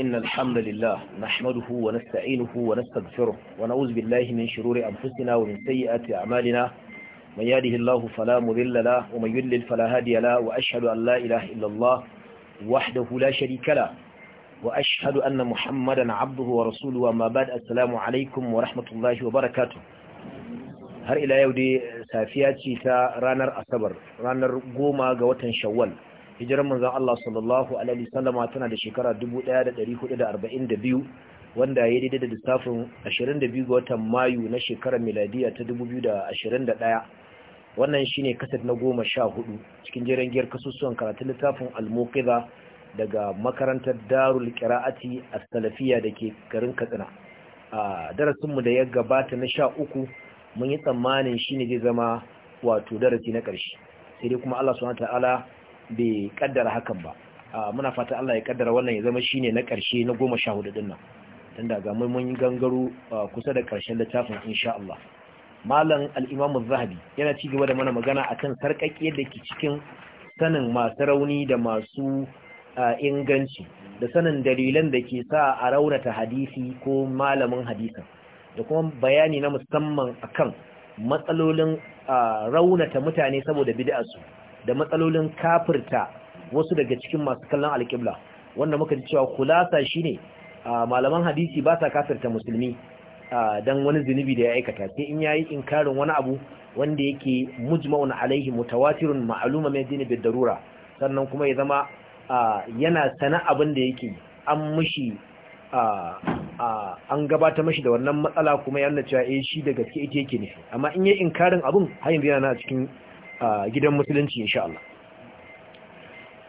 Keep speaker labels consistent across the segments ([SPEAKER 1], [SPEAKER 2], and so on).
[SPEAKER 1] إن الحمد لله نحمده ونستعينه ونستغفره ونعوذ بالله من شرور أنفسنا ومن سيئات أعمالنا من يهده الله فلا مذل له ومن يضلل فلا هادي له وأشهد أن لا إله إلا الله وحده لا شريك له وأشهد أن محمدا عبده ورسوله وما بعد السلام عليكم ورحمة الله وبركاته har ila yau dai safiya ce ta ranar asabar ranar goma ga watan shawwal hijirar manzan Allah sallallahu alaihi sallama) tana da shekara 1442 wanda ya daidai da lissafin 22 ga watan Mayu na shekarar miladiya ta 2021 wannan shine kaset na goma sha hudu cikin jiran giyar kasusuwan karatun littafin al daga makarantar darul a salafiya da ke garin Katsina a darasinmu da ya gabata na sha uku mun yi tsammanin shine zai zama wato darasi na ƙarshe sai dai kuma Allah subhanahu wa ta'ala bai kaddara hakan ba muna fata Allah ya kaddara wannan ya zama shine na karshe na goma sha hudu din nan ga daga mun gangaro kusa da karshen littafin insha Allah malam al-imam az-zahabi yana ci gaba da mana magana akan sarkakiyar da ke cikin sanin masu rauni da masu inganci da sanin dalilan da ke sa a raunata hadisi ko malamin hadisi da kuma bayani na musamman akan matsalolin raunata mutane saboda su da matsalolin kafirta wasu daga cikin masu kallon alƙibla wanda muka ji cewa kulasa shine malaman hadisi ba sa kafirta musulmi dan wani zunubi da ya aikata sai in yayi inkarin wani abu wanda yake mujma'un alaihi mutawatirun ma'luma min dini darura sannan kuma ya zama yana sana abin da yake an mishi an gabata mashi da wannan matsala kuma yana cewa eh shi da gaske ita yake ne amma in yayi inkarin abun har yana cikin gidan musulunci insha Allah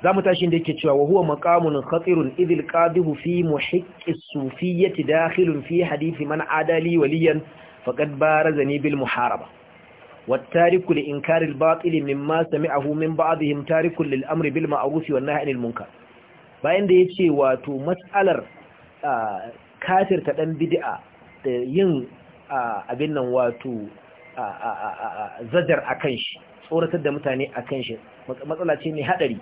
[SPEAKER 1] za mu tashi da yake cewa wa huwa maqamun khatirun idil qadihu fi muhiqqi sufiyyati dakhilun fi hadithi man adali waliyan faqad barazani bil muharaba والتارك لإنكار الباطل مما سمعه من بعضهم تارك للأمر بالمعروف والنهي عن المنكر bayan da yace wato matsalar kafir ta dan bid'a da yin abin nan wato zajar akan shi tsoratar da mutane a kan shi matsala ce mai haɗari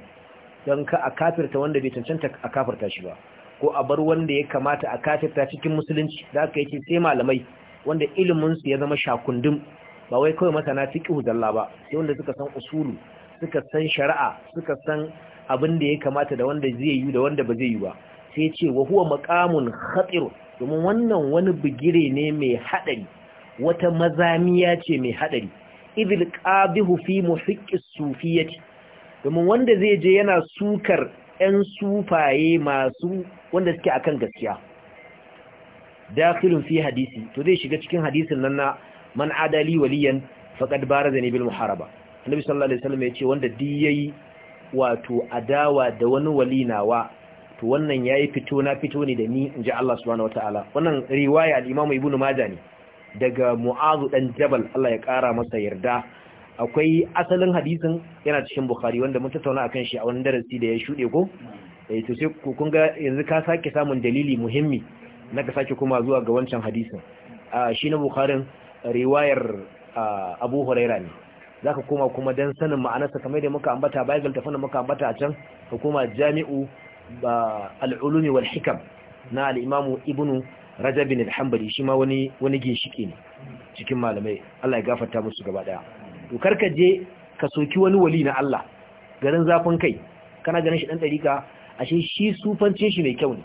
[SPEAKER 1] don ka a kafirta wanda bai cancanta a kafirta shi ba ko a bar wanda ya kamata a kafirta cikin musulunci da aka yi sai malamai wanda iliminsu ya zama shakundum ba wai kawai masana fiqhu dalla ba sai wanda suka san usulu suka san shari'a suka san abin da ya kamata da wanda zai yi da wanda ba zai yi ba sai ce wa huwa maqamun khatir domin wannan wani bigire ne mai hadari wata mazamiya ce mai hadari idil qadihu fi muhiqqis sufiyyati domin wanda zai je yana sukar 'yan sufaye masu wanda suke akan gaskiya dakhilun fi hadisi to zai shiga cikin hadisin nan na man adali waliyan faqad ni bil muharaba annabi sallallahu alaihi wasallam yace wanda di yayi wato adawa da wani wali nawa to wannan yayi fito na fito ne da ni inji Allah subhanahu wataala wannan riwaya al imamu ibnu majani ne daga mu'azu dan jabal Allah ya kara masa yarda akwai asalin hadisin yana cikin bukhari wanda mun tattauna akan shi a wani darasi da ya shude ko eh to sai ku kun ga yanzu ka sake samun dalili muhimmi na ka sake kuma zuwa ga wancan hadisin shi na bukharin riwayar abu huraira ne za ka koma kuma dan sanin ma'anarsa kamar da muka ambata bible tafi muka ambata a can ka koma jami'u al'ulumi wal hikam na al imamu ibnu Raja bin al hambali shi ma wani wani ginshiki ne cikin malamai Allah ya gafarta musu gaba daya to karka je ka soki wani wali na Allah garin zafin kai kana ganin shi dan dariqa ashe shi sufance shi mai kyau ne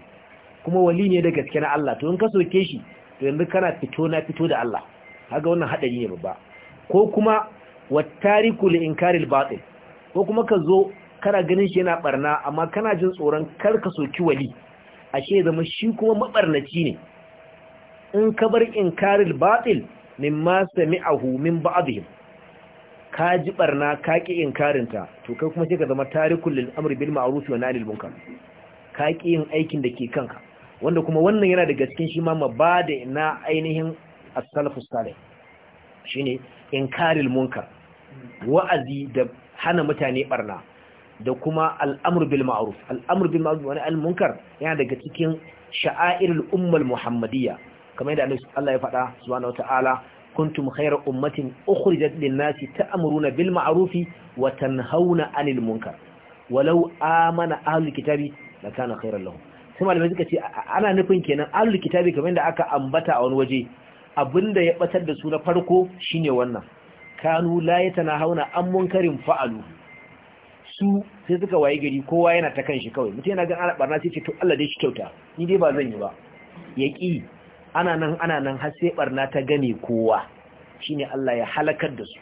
[SPEAKER 1] kuma wali ne da gaske na Allah to in ka soke shi to yanzu kana fito na fito da Allah kaga wannan hadari ne babba ko kuma wattariku li inkaril batil ko kuma ka zo kana ganin shi yana barna amma kana jin tsoron kar ka soki wali ashe zama shi kuma mabarnaci ne in ka bar inkaril batil ma sami'ahu min ba'dihim ka ji barna ka ki inkarinta to kai kuma sai ka zama tarikul lil amri bil ma'ruf wa nahyi anil munkar ka ki yin aikin da ke kanka wanda kuma wannan yana da gaskin shi ma mabada na ainihin as-salafus salih shine inkaril munkar wa'azi da hana mutane barna da kuma al'amur bil al'amur bil ma'aruf wani munkar yana daga cikin sha'airul ummar muhammadiyya kamar da Allah ya faɗa subhanahu wata'ala kuntum khayra ummatin ukhrijat lin-nasi ta'muruna bil ma'rufi wa tanhauna 'anil munkar walau amana ahlul kitabi lakana khayran lahum sai malamai suka ce ana nufin kenan ahlul kitabi kamar da aka ambata a wani waje abinda ya batar da su na farko shine wannan kanu la hauna an munkarin fa'alu su sai suka waye gari kowa yana ta kan shi kawai mutum yana gan ana barna sai ce to Allah dai shi kyauta ni dai ba zan yi ba yaki ana nan ana nan har sai barna ta gane kowa shine Allah ya halakar da su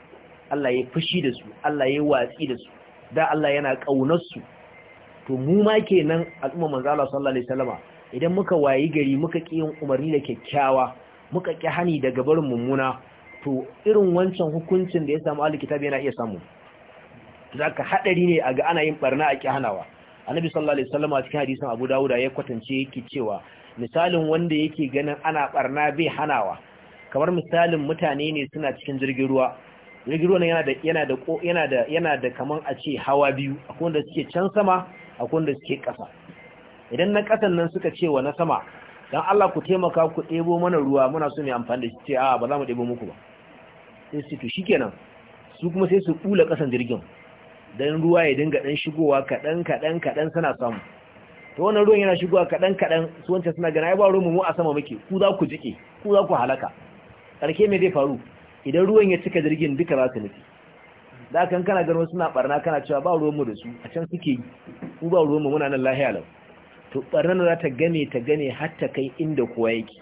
[SPEAKER 1] Allah ya fushi da su Allah ya watsi da su da Allah yana kaunar su to mu ma kenan al'umma manzo Allah sallallahu alaihi wasallama idan muka wayi gari muka ki yin umarni da kyakkyawa muka ki hani daga barin mummuna to irin wancan hukuncin da ya samu ahli kitabi yana iya samu zaka hadari ne a ga ana yin barna a kihanawa hanawa annabi sallallahu alaihi wasallama cikin hadisin Abu Da'uda ya kwatance yake cewa misalin wanda yake ganin ana barna bai hanawa kamar misalin mutane ne suna cikin jirgin ruwa jirgin ruwa yana da yana da yana da yana da kaman a ce hawa biyu akwai wanda suke can sama akwai wanda suke ƙasa idan na ƙasan nan suka ce wa na sama dan Allah ku taimaka ku ɗebo mana ruwa muna so mu amfani da shi ce a ba za mu ɗebo muku ba sai su to shikenan su kuma sai su kula ƙasan jirgin dan ruwa ya dinga dan shigowa kaɗan kaɗan kaɗan sana samu to wannan ruwan yana shigowa kadan kadan su wancan suna gana ya ba ruwan mu a sama muke ku za ku jike ku za ku halaka karke me zai faru idan ruwan ya cika jirgin duka za su nufi da kan kana gano suna barna kana cewa ba ruwan mu da su a can suke yi ku ba ruwan mu muna nan lahiya lau to barnan za ta game ta gane har ta kai inda kowa yake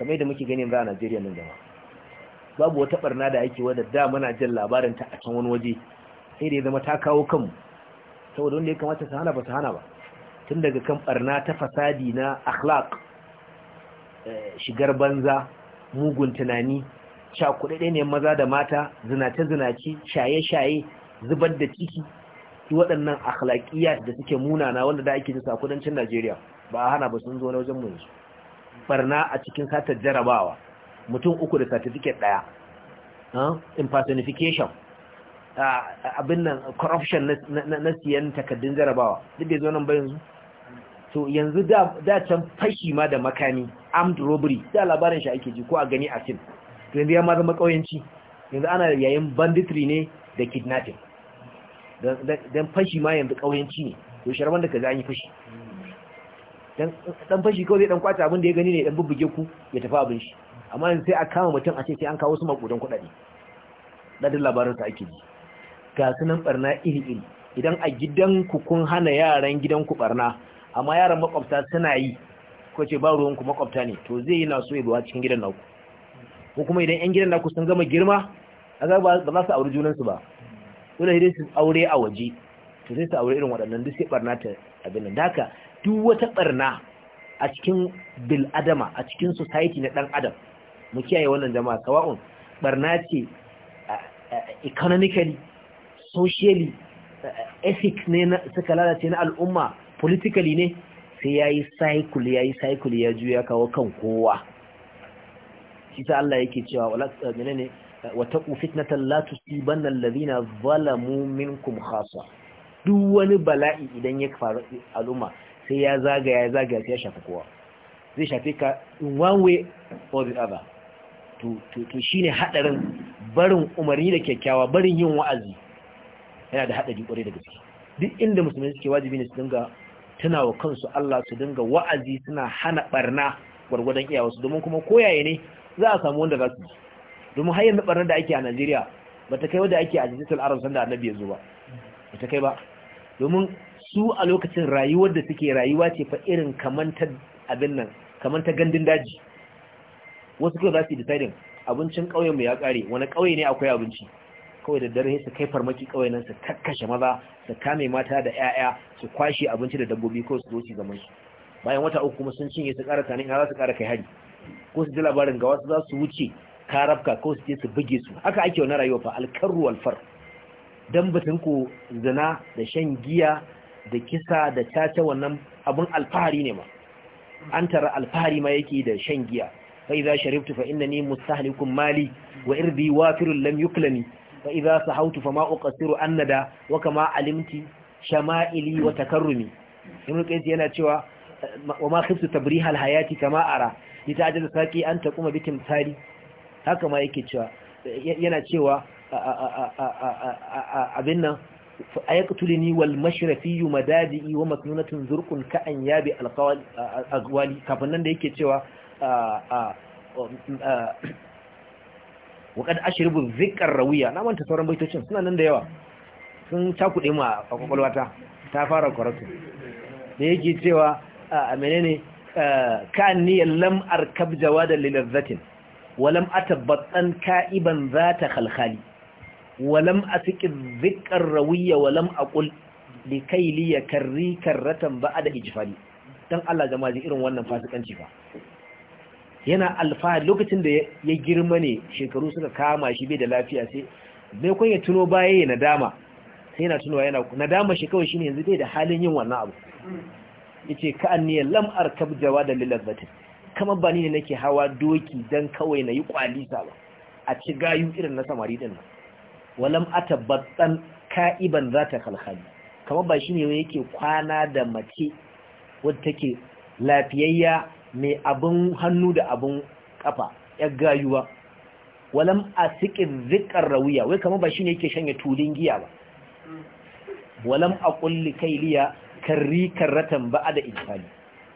[SPEAKER 1] kamar yadda muke ganin za a Najeriya nan gaba babu wata barna da ake wadda da muna jin labarin ta a can wani waje sai da ya zama ta kawo kanmu saboda wanda ya kamata su hana ba su hana ba tun daga kan barna ta fasadi na akhlaq eh, shigar banza mugun tunani cakuɗaɗe ne maza da mata zinace-zinace shaye-shaye zubar da ciki waɗannan akhlaƙiyya da suke munana wanda da ake jinsa kudancin najeriya ba a hana ba sun zo na wajen yanzu barna a cikin sata jarabawa mutum uku da certificate ɗaya ah, impersonification ah, abin nan corruption na siyan takaddun jarabawa duk da zo nan ba yanzu so yanzu da can fashi ma da makami armed robbery da labarin shi ake ji ko a gani a To yanzu ya ma zama ƙauyenci yanzu ana yayin banditry ne da kidnapping don fashi ma yanzu ƙauyenci ne to sharman da ka an yi fashi dan fashi kawai zai dan kwata abin da ya gani ne dan bubbuge ku ya tafi abin shi amma yanzu sai a kama mutum a ce sai an kawo su makudan kuɗaɗe ɗadin labarin sa ake ji ga sunan barna iri iri idan a gidan ku kun hana yaran gidan ku barna amma yaran makwabta suna yi ko ce ba ruwanku makwabta ne to zai yi na so ya cikin gidan naku ko kuma idan yan gidan naku sun gama girma a za ba za su auri junansu ba dole dai su aure a waje to sai su aure irin waɗannan duk sai barna ta abin nan haka duk wata barna a cikin bil adama a cikin society na dan adam mu kiyaye wannan jama'a sawa'un barna ce economically socially ethic ne suka lalace na al'umma politically ne sai ya yi cycle ya yi cycle ya juya kawo kan kowa shi ta Allah yake cewa wala menene wataqu fitnatan la tusibanna alladhina zalamu minkum khasa duk wani bala'i idan ya faru al'umma sai ya zaga ya zaga sai ya shafi kowa zai shafi ka in one way or the other to to to shine hadarin barin umarni da kyakkyawa barin yin wa'azi yana da hadari kwarai da gaske duk inda musulmai suke wajibi ne su dinga Tana wa kansu Allah su dinga wa'azi suna hana barna gwargwadon iyawarsu domin kuma koyaye ne za a samu wanda za su ji domin har yanzu barnar da ake a Najeriya ba ta kai wanda ake a Jijjital Arab sanda annabi ya zo ba ba ta kai ba domin su a lokacin rayuwar da suke rayuwa ce fa irin kamanta abin nan gandun daji wasu kuma za su yi deciding abincin ƙauyen mu ya ƙare wani ƙauye ne akwai abinci kawai da dare su kai farmaki kawai nan su kakkashe maza su kame mata da 'ya'ya su kwashe abinci da dabbobi ko su zo su zaman su bayan wata uku kuma sun cinye su ƙara tanin za su ƙara kai hari ko su ji labarin ga wasu za su wuce karafka ko su je su buge su haka ake wani rayuwa fa alkarru alfar dan batun ku zina da shan giya da kisa da caca wannan abun alfahari ne ma an tara alfahari ma yake da shan giya fa idza sharibtu fa innani mustahlikun mali wa irdi wafirun lam yuklani fa idza Tufama, fama uqsiru annada wa kama alimti shama'ili wa takarrumi ibn qais yana cewa wa ma khiftu tabriha alhayati kama ara ita ajal saki an taquma bitim tari haka ma yake cewa yana cewa abin nan ayaqtulni wal mashrafi madadi wa maknunatun zurqun ka an yabi alqawali kafin nan da yake cewa waƙad kad ashribu rawiya na manta sauran baitocin suna nan da yawa sun cakuɗe ma a kwakwalwata ta fara karatu da yake cewa a menene ka'anni lam arkab jawada lilazzatin ولم أتبطن كائبا ذات خلخالي ولم أسك الذكر الروية ولم أقول لكي لي ba a بعد إجفالي dan Allah jama'a irin wannan fasikanci fa yana alfahari lokacin da ya girma ne shekaru suka kama shi bai da lafiya sai bai kun ya tuno baya ya nadama sai yana tunowa yana nadama shi kawai shine yanzu bai da halin yin wannan abu yace ka anni lam arkab jawada lilazati kama ba ni ne nake hawa doki dan kawai na yi kwalisa ba a ci gayu irin na samari din nan walam atabattan ka'iban zata kalkhali kama ba shine yake kwana da mace wadda take lafiyayya mai abin hannu da abin kafa ƴar gayuwa walam a sikin zikar rawiya wai kama ba shi ne yake shanye tulin giya ba walam a kulli kailiya karri karratan ba da ijfali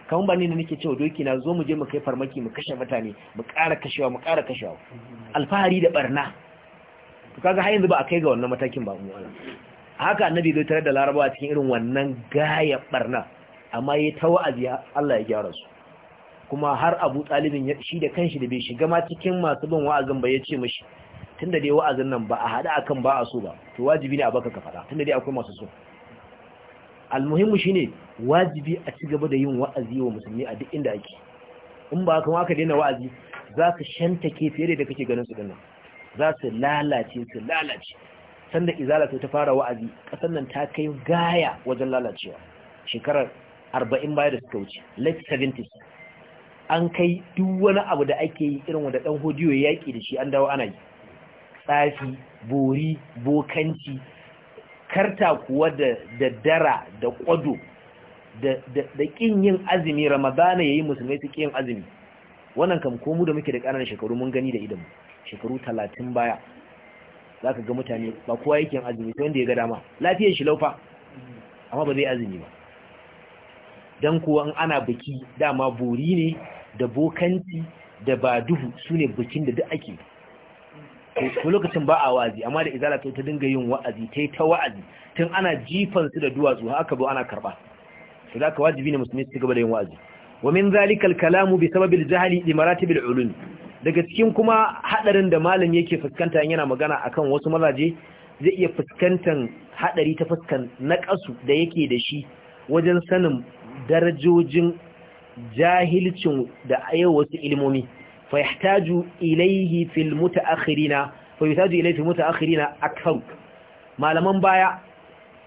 [SPEAKER 1] kama ba ne da nake cewa doki na zo mu je mu kai farmaki mu kashe mutane mu ƙara kashewa mu ƙara kashewa alfahari da barna to kaga har yanzu ba a kai ga wannan matakin ba mu haka annabi zai tare da larabawa cikin irin wannan gaya barna amma yayi ta wa'azi Allah ya gyara su kuma har abu ɗalibin shi da kanshi da bai shiga ma cikin masu bin wa'azin ba ya ce mashi tun da dai wa'azin nan ba a haɗa akan ba a so ba to wajibi ne a baka ka faɗa tun da dai akwai masu so almuhimmu ne wajibi a ci gaba da yin wa'azi wa musulmi a duk inda ake in ba kuma aka daina wa'azi za ka shantake fiye da kake ganin su dinnan za su lalace su lalace sanda izala ta fara wa'azi kasan nan ta kai gaya wajen lalacewa shekarar 40 baya da suka wuce late 70s an kai duk wani abu da ake yi irin wanda ɗan hodiyo ya yaƙi da shi an dawo ana yi tsafi bori bokanci karta kuwa da daddara da ƙwado da ƙin yin azumi ramadana ya yi musulmai su yin azumi wannan kam komu da muke da ƙananan shekaru mun gani da idan shekaru talatin baya za ka ga mutane ba kowa yake yin azumi sai wanda ya ga dama lafiyar shi laufa amma ba zai azumi ba don kuwa in ana biki dama buri ne da bokanti da duhu su ne bikin da duk ake ko lokacin ba a wazi amma da izala ta dinga yin wa'azi ta yi ta wa'azi tun ana jifan su da duwatsu haka ba ana karba su ka wajibi ne musulmi su gaba da yin wa'azi wa min zalikal kalamu bi sababil jahli li maratibil ulum daga cikin kuma hadarin da malam yake fuskanta yana magana akan wasu mazaje zai iya fuskantan hadari ta fuskan naqasu da yake da shi wajen sanin darajojin jahilcin da ya wasu ilmomi fa yahtaju ilaihi fil mutaakhirina fa yahtaju ilaihi fil mutaakhirina akthar malaman baya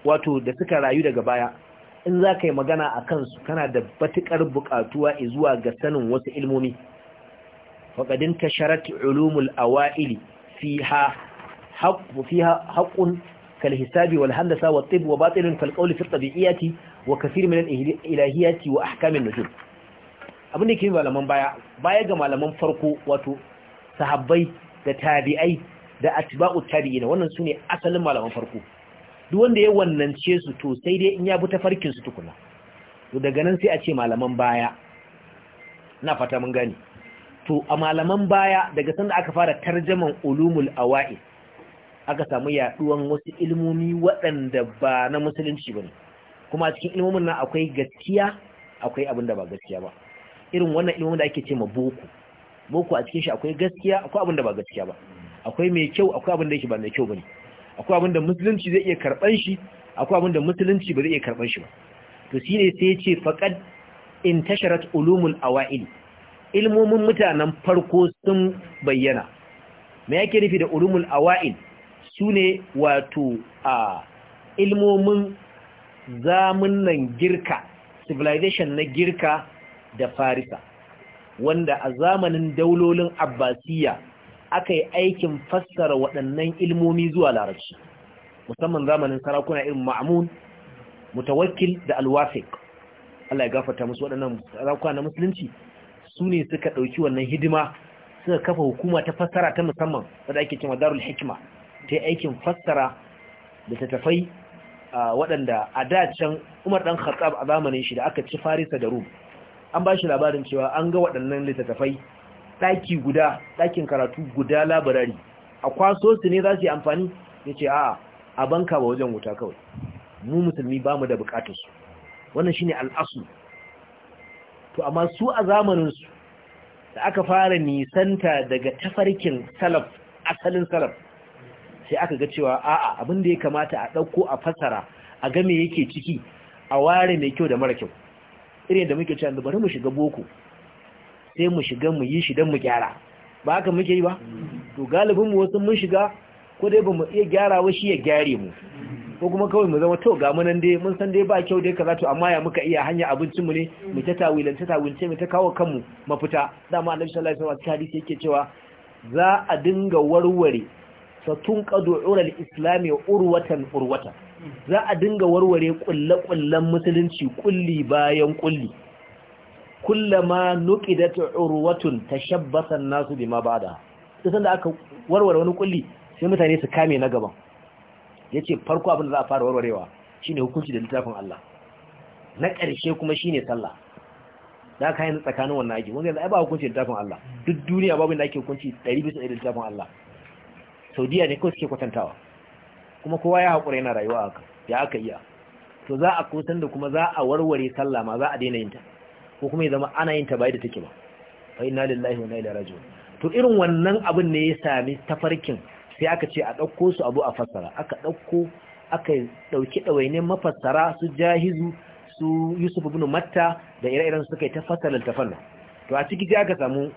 [SPEAKER 1] wato da suka rayu daga baya in za ka yi magana a kansu kana da batukar bukatuwa zuwa ga sanin wasu ilmomi faƙadin tasharat ulumul awa'ili fiha haqqun kal hisabi wal handasa wat wa batilun kal qawli fi tabi'iyati wa kasir min al-ilahiyati wa ahkamin nujum abin da ke malaman baya baya ga malaman farko wato sahabbai da tabi'ai da atba'u tabi'ina wannan sune asalin malaman farko duk wanda ya wannance su to sai dai in ya bi tafarkin su tukuna to daga nan sai a ce malaman baya na fata mun gane to a malaman baya daga sanda aka fara tarjaman ulumul awa'il aka samu yaduwan wasu ilmomi waɗanda ba na musulunci bane kuma cikin ilmomin nan akwai gaskiya akwai abin da ba gaskiya ba irin wannan ilmomin da ake ce ma boko boko a cikin shi akwai gaskiya akwai abin da ba gaskiya ba akwai mai kyau akwai abin da yake ba mai kyau bane akwai abin da musulunci zai iya karban shi akwai abin da musulunci ba zai iya karban shi ba to shine sai ya ce faqad intasharat ulumul awa'il ilmomin mutanen farko sun bayyana me yake nufi da ulumul awail sune wato a ilmomin zamunan girka civilization na girka da farisa wanda a zamanin daulolin abbasiya aka yi aikin fassara waɗannan ilmomi zuwa larabci musamman zamanin sarakuna irin ma'amun mutawakkil da alwafik Allah ya gafarta musu waɗannan sarakuna na musulunci su ne suka ɗauki wannan hidima suka kafa hukuma ta fassara ta musamman wadda ake cewa darul hikima ta yi aikin fassara da tafai waɗanda a da can Umar ɗan Khattab a zamanin shi da aka ci Farisa da Rum an ba shi labarin cewa an ga waɗannan littattafai ɗaki guda ɗakin karatu guda labarari a kwaso su ne za su yi amfani ya ce a a banka ba wajen wuta kawai mu musulmi ba mu da bukatarsu wannan shi ne al'asu to amma su a zamaninsu da aka fara nisanta daga tafarkin salaf asalin salaf sai aka ga cewa a'a abin da ya kamata a ɗauko a fasara a game me yake ciki a ware mai kyau da mara kyau irin da muke cewa bari mu shiga boko sai mu shiga mu yi shi don mu gyara ba haka muke yi ba to galibin wasu mun shiga ko dai ba mu iya gyara wa shi ya gyare mu ko kuma kawai mu zama to ga mu nan dai mun san dai ba kyau dai kaza to amma ya muka iya hanya abincin mu ne mu ta tawilan ta tawilce mu ta kawo kanmu mafita dama Annabi sallallahu alaihi wasallam ya yake cewa za a dinga warware satunqadu ural islami urwatan urwatan za a dinga warware ƙulle-ƙullen musulunci kulli bayan kulli kullama nuqidat urwatun tashabbasa an-nasu bima ba'da sai da aka warware wani kulli sai mutane su kame na gaban yace farko abin da za a fara warwarewa shine hukunci da littafin Allah na ƙarshe kuma shine sallah da ka yi tsakanin wannan ake wanzu yanzu ai ba hukunci da littafin Allah duk duniya babu inda ake hukunci 100% da littafin Allah saudiya ne kawai suke kwatantawa kuma kowa ya haƙura yana rayuwa haka ya aka iya to za a kusan da kuma za a warware sallah ma za a daina yin ko kuma ya zama ana yinta ta bai da take ba fa inna lillahi wa inna ilaihi raji'un to irin wannan abin ne ya sami tafarkin sai aka ce a ɗauko su abu a fassara aka ɗauko aka ɗauki ɗawainin mafassara su jahizu su yusuf ibn matta da ire-iren suka yi ta fassara tafanna to a ciki aka samu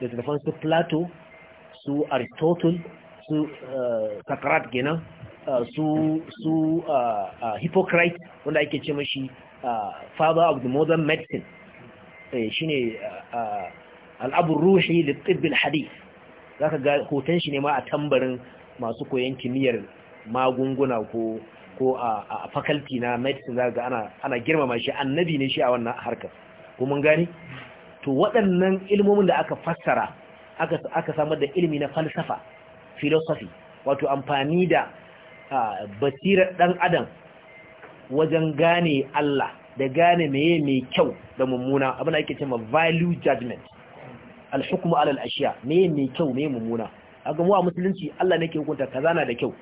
[SPEAKER 1] da littafan su plato su aristotle su sakarat eh, kenan eh, su su hippocrate eh, wanda ake ce mashi father of the modern medicine shine al'abu ruhi da tsibbin hadith za ka ga hoton shi ne ma a tambarin masu koyon kimiyyar magunguna ko ko a faculty na medicine za ga ana girmama shi annabi ne shi a wannan harkar ko mun to waɗannan ilmomin da aka fassara aka samar da ilmi na falsafa philosophy wato amfani da basirar dan adam wajen gane Allah da gane meye mai kyau da mummuna abin da ake cewa value judgment al-hukmu ala al-ashiya meye mai kyau meye mummuna aga mu a musulunci Allah ne ke hukunta kaza na da kyau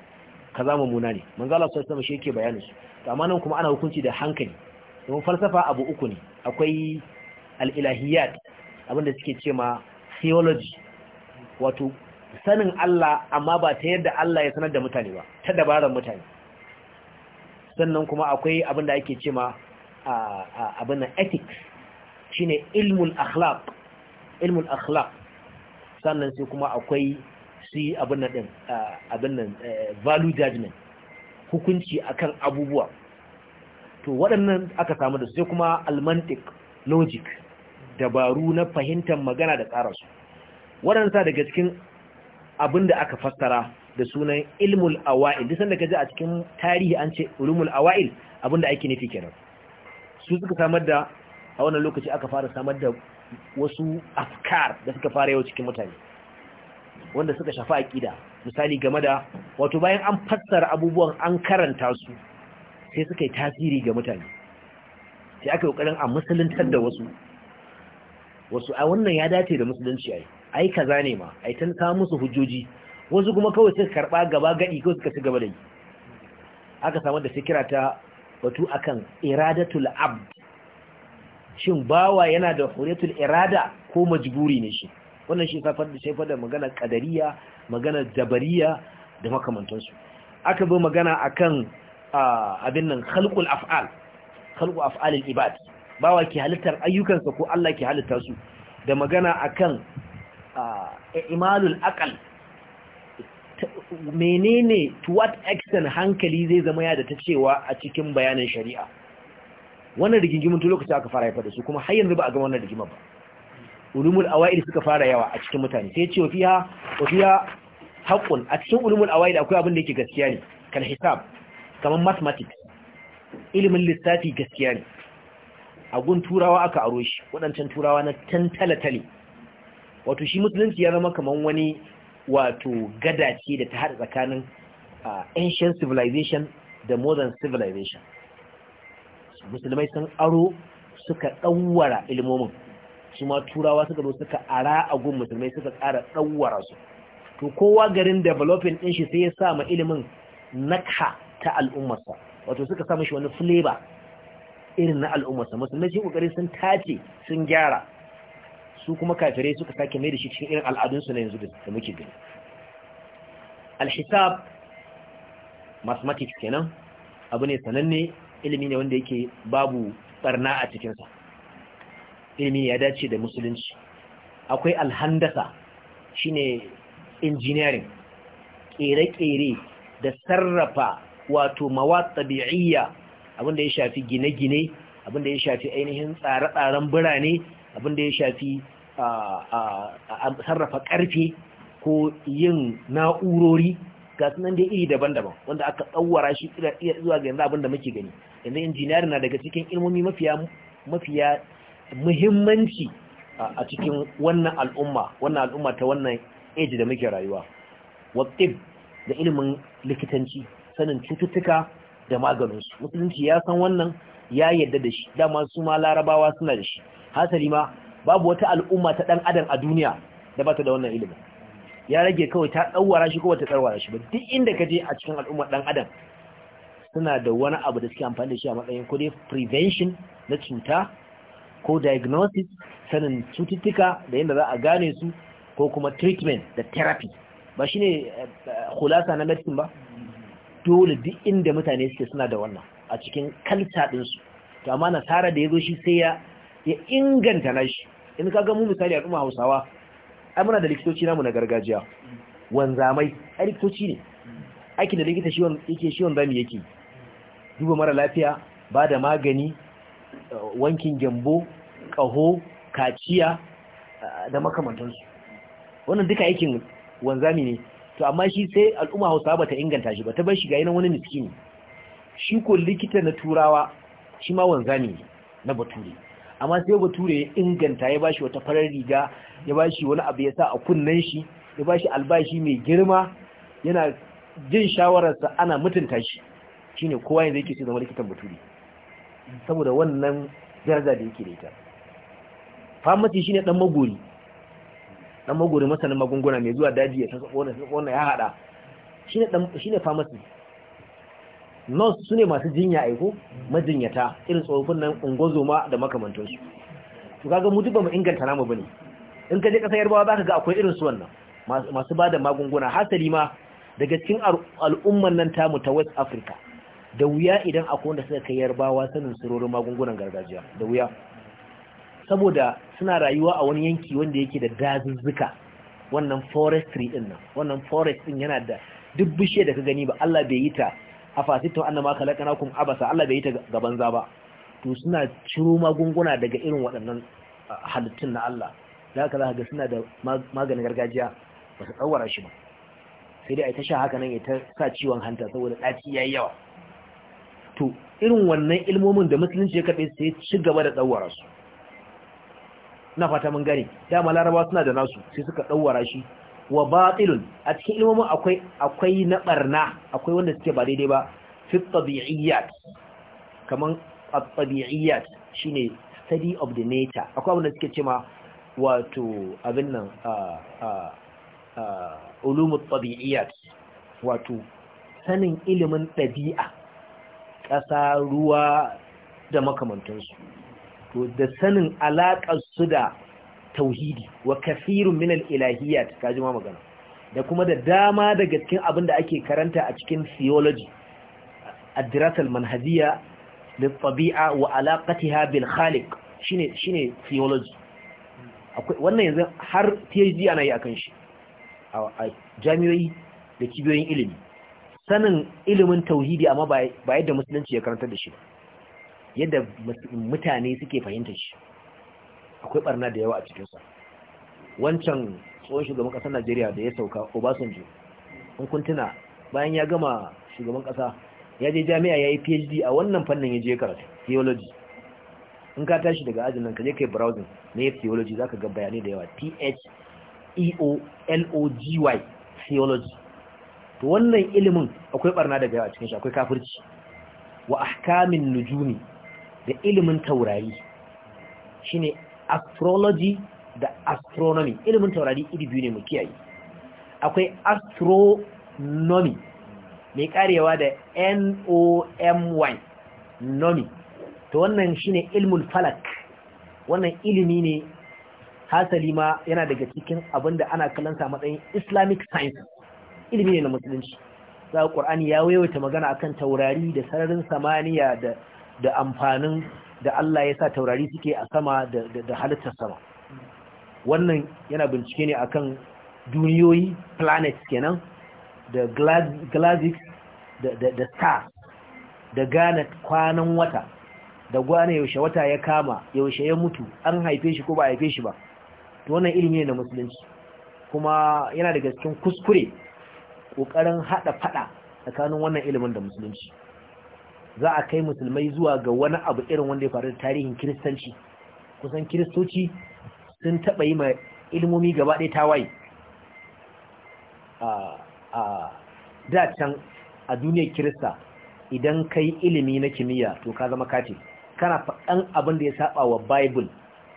[SPEAKER 1] kaza mummuna ne manzo Allah sai sama shi yake bayani su to amma nan kuma ana hukunci da hankali domin falsafa abu uku ne akwai al-ilahiyat abin da suke cewa theology wato sanin Allah amma ba ta yadda Allah ya sanar da mutane ba ta dabarar mutane sannan kuma akwai abin da ake cema abin na ethics shine ilmul akhlaq ilmul akhlaq sannan sai kuma akwai shi abin nan din abin nan eh, value judgment hukunci akan abubuwa to waɗannan aka samu da su sai kuma almantic logic dabaru na fahimtar magana da tsara su waɗansa daga cikin Abin da aka fassara da sunan ilmul awa'il duk sanda kaji a cikin tarihi an ce ulumul awa'il abinda ake nufi kenan su suka samar da a wannan lokaci aka fara samar da wasu afkar da suka fara yau cikin mutane wanda suka shafi aqida misali game da wato bayan an fassara abubuwan an karanta su sai suka yi tasiri ga mutane sai aka yi kokarin a musuluntar da wasu wasu a wannan ya dace da musulunci ai ai kaza ne ma ai tun ka musu hujjoji wasu kuma kawai suka karba gaba gadi ko suka ci gaba da yi aka samu da fikira ta batu akan iradatul abd shin bawa yana da huriyatul irada ko majburi ne shi wannan shi safar da shaifar da magana kadariya magana dabariya da makamantansu aka bi magana akan abin nan khalqul af'al khalqu af'alil ibad bawa ke halittar ayyukansa ko Allah ke halitta su da magana akan imalul akal menene to what extent hankali zai zama ya da ta cewa a cikin bayanin shari'a wannan rigingimin tun lokacin aka fara haifar da su kuma har yanzu ba a gama wannan rigimar ba ulumul awa'il suka fara yawa a cikin mutane sai ce fiha fiha haqqun a cikin ulumul awa'il akwai abin da yake gaskiya ne kan hisab kamar mathematics ilimin lissafi gaskiya ne a gun turawa aka aro shi waɗancan turawa na tantalatale wato shi musulunci ya zama kamar wani wato gada ce da ta haɗa tsakanin ancient civilization da modern civilization musulmai sun aro suka ɗauwara ilmomin su ma turawa suka zo suka ara a gun musulmai suka ƙara ɗauwara su to kowa garin developing ɗin shi sai ya sa ma ilimin nakha ta al'ummarsa wato suka sa mashi wani flavor irin na al'ummarsa musulmai sun kokari sun tace sun gyara su kuma kafirai suka sake mai da shi cikin irin al'adunsu na yanzu da muke gani alhisab mathematics kenan abu ne sananne ilimi ne wanda yake babu barna a cikinsa ilimi ya dace da musulunci akwai alhandasa shine engineering kere-kere da sarrafa wato mawat tabi'iyya abinda ya shafi gine-gine abinda ya shafi ainihin tsare-tsaren birane abin da ya shafi a sarrafa karfe ko yin na'urori ga sunan da iri daban-daban wanda aka tsawara shi iya zuwa ga yanzu abin da muke gani yanzu injiniyar na daga cikin ilmomi mafiya muhimmanci a cikin wannan al'umma wannan al'umma ta wannan age da muke rayuwa wakil da ilimin likitanci sanin cututtuka da maganinsu musulunci ya san wannan ya yadda da shi dama su ma larabawa suna da shi hasali ma babu wata al'umma ta dan adam a duniya da bata ta da wannan ilimin ya rage kawai ta tsawara shi ko ta tsawara shi ba duk inda ka je a cikin al'ummar dan adam suna da wani abu da suke amfani da shi a matsayin ko dai prevention na cuta ko diagnosis sanin cututtuka da yadda za a gane su ko kuma treatment da therapy ba shine eh, eh, hulasa na medicine ba dole duk inda mutane suke suna da wannan a cikin kalta ɗinsu to amma nasara da ya zo shi sai ya inganta na shi in ka ga mu misali al'umma hausawa ai muna da likitoci namu na gargajiya wanzamai ai likitoci ne aikin da likita shi yake shi wanzami yake duba mara lafiya ba da magani wankin gyambo ƙaho kaciya da makamantansu wannan duka aikin wanzami ne to amma shi sai al'umma hausa ba ta inganta shi ba ta bar shi ga yanan wani miskini shi ko likita na turawa shi ma ne na bature amma sai bature ya inganta ya bashi wata farar riga ya bashi wani abu ya sa a kunnen shi ya bashi albashi mai girma yana jin shawararsa ana mutunta shi shine kowa yanzu yake so zama likitan bature saboda wannan daraja da yake da ita famasi shine dan magori dan magori masanin magunguna mai zuwa daji ya tsaka wannan wannan ya hada shine dan shine pharmacy su ne masu jinya aiko majinyata irin tsofaffin nan ungozoma da makamantansu to kaga mu ba mu inganta namu bane in ka je kasar yarbawa zaka ga akwai irin su wannan masu bada magunguna hasali ma daga cikin al'umman nan tamu ta West Africa da wuya idan akwai wanda suka kai yarbawa sanin surorin magungunan gargajiya da wuya saboda suna rayuwa a wani yanki wanda yake da dazuzzuka wannan forestry din nan wannan forest din yana da duk bishiyar da ka gani ba Allah bai yi ta a fasitun annama khalaqnakum abasa Allah bai yi ta gabanza banza ba to suna ciro magunguna daga irin waɗannan halittun na Allah da haka zaka ga suna da maganin gargajiya ba su tsawara shi ba sai dai a ta sha haka nan ya ta sa ciwon hanta saboda ɗaci ya yawa to irin wannan ilmomin da musulunci ya kaɗai sai ci gaba da tsawara su na fata mun gane dama laraba suna da nasu sai suka ɗauwara shi wa batilun a cikin ilmomin akwai akwai na barna akwai wanda suke ba daidai ba fi tabi'iyyat kaman at-tabi'iyyat shine study of the nature akwai wanda suke cewa wato abin nan ulumut tabi'iyyat wato sanin ilimin ɗabi'a ƙasa ruwa da makamantansu to da sanin alaƙar su da tauhidi wa kafirun min ilahiyat kaji ma magana da kuma da dama daga cikin abin da ake karanta a cikin theology a manhajiya manhajiya, tabi'a wa alaqatiha bil khaliq shine shine theology akwai wannan yanzu har PhD ana yi akan shi a jami'o'i da kibiyoyin ilimi sanin ilimin tauhidi amma ba yadda musulunci ya karanta da shi yadda mutane suke fahimta shi akwai barna da yawa a cikinsa wancan tsohon shugaban ƙasar najeriya da ya sauka obasanjo in kun bayan ya gama shugaban kasa ya je jami'a ya yi phd a wannan fannin ya je karatu theology in ka tashi daga ajin nan ka je kai browsing na yi theology za ka ga bayani da yawa t-h-e-o-l-o-g-y theology to wannan ilimin akwai barna daga yawa cikin shi akwai kafirci wa ahkamin nujumi da ilimin taurari shine astrology da astronomy ilimin taurari iri biyu ne mu kiyaye akwai astronomy mai karewa da n-o-m-y nomi to wannan shine ilmul falak wannan ilimi ne hasali ma yana daga cikin abinda ana kalansa matsayin islamic science ilimi ne na musulunci za a ƙwar'ani ya waiwaita magana akan taurari da sararin samaniya da amfanin da Allah ya sa taurari suke a sama da halittar sama wannan yana bincike ne akan duniyoyi planet kenan da galaxies da stars da gane kwanan wata da gwane yaushe wata ya kama yaushe ya mutu an haife shi ko ba haife shi ba to wannan ilimi ne na musulunci kuma yana daga cikin kuskure ƙoƙarin haɗa fada tsakanin wannan ilimin da musulunci za a kai musulmai zuwa ga wani abu irin wanda ya faru da tarihin kiristanci kusan kiristoci sun taɓa yi ma ilmomi gaba ɗaya tawaye a da can a duniyar kirista idan ka yi ilimi na kimiyya to ka zama kati kana faɗan abin da ya saɓa wa bible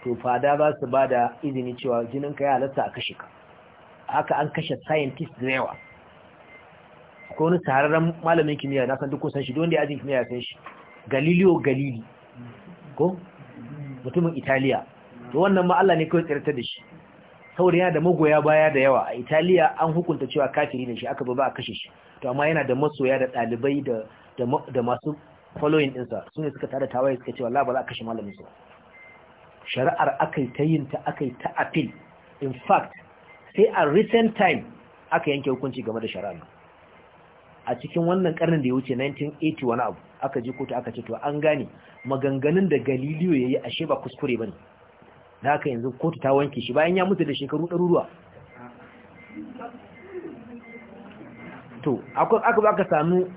[SPEAKER 1] to fada za su ba da izini cewa jininka ya halatta a kashe ka haka an kashe scientist da yawa akwai wani tsararren malamin kimiyya na san duk san shi don da ajin kimiyya san shi galileo galili ko mutumin italiya to wannan ma Allah ne kawai tsirta da shi saboda yana da magoya baya da yawa a italiya an hukunta cewa kafiri ne shi aka ba a kashe shi to amma yana da masoya da ɗalibai da da masu following din su ne suka tada tawaye suka ce wallahi ba za a kashe malamin su shari'ar akai ta yin ta akai ta appeal in fact sai a recent time aka yanke hukunci game da shari'ar a cikin wannan karnin da ya wuce 1980 wani abu aka ji kotu aka ce to an gane maganganun da galileo ya yi ashe ba kuskure ba ne da haka yanzu kotu ta wanke shi bayan ya mutu da shekaru ɗaruruwa to aka ba aka samu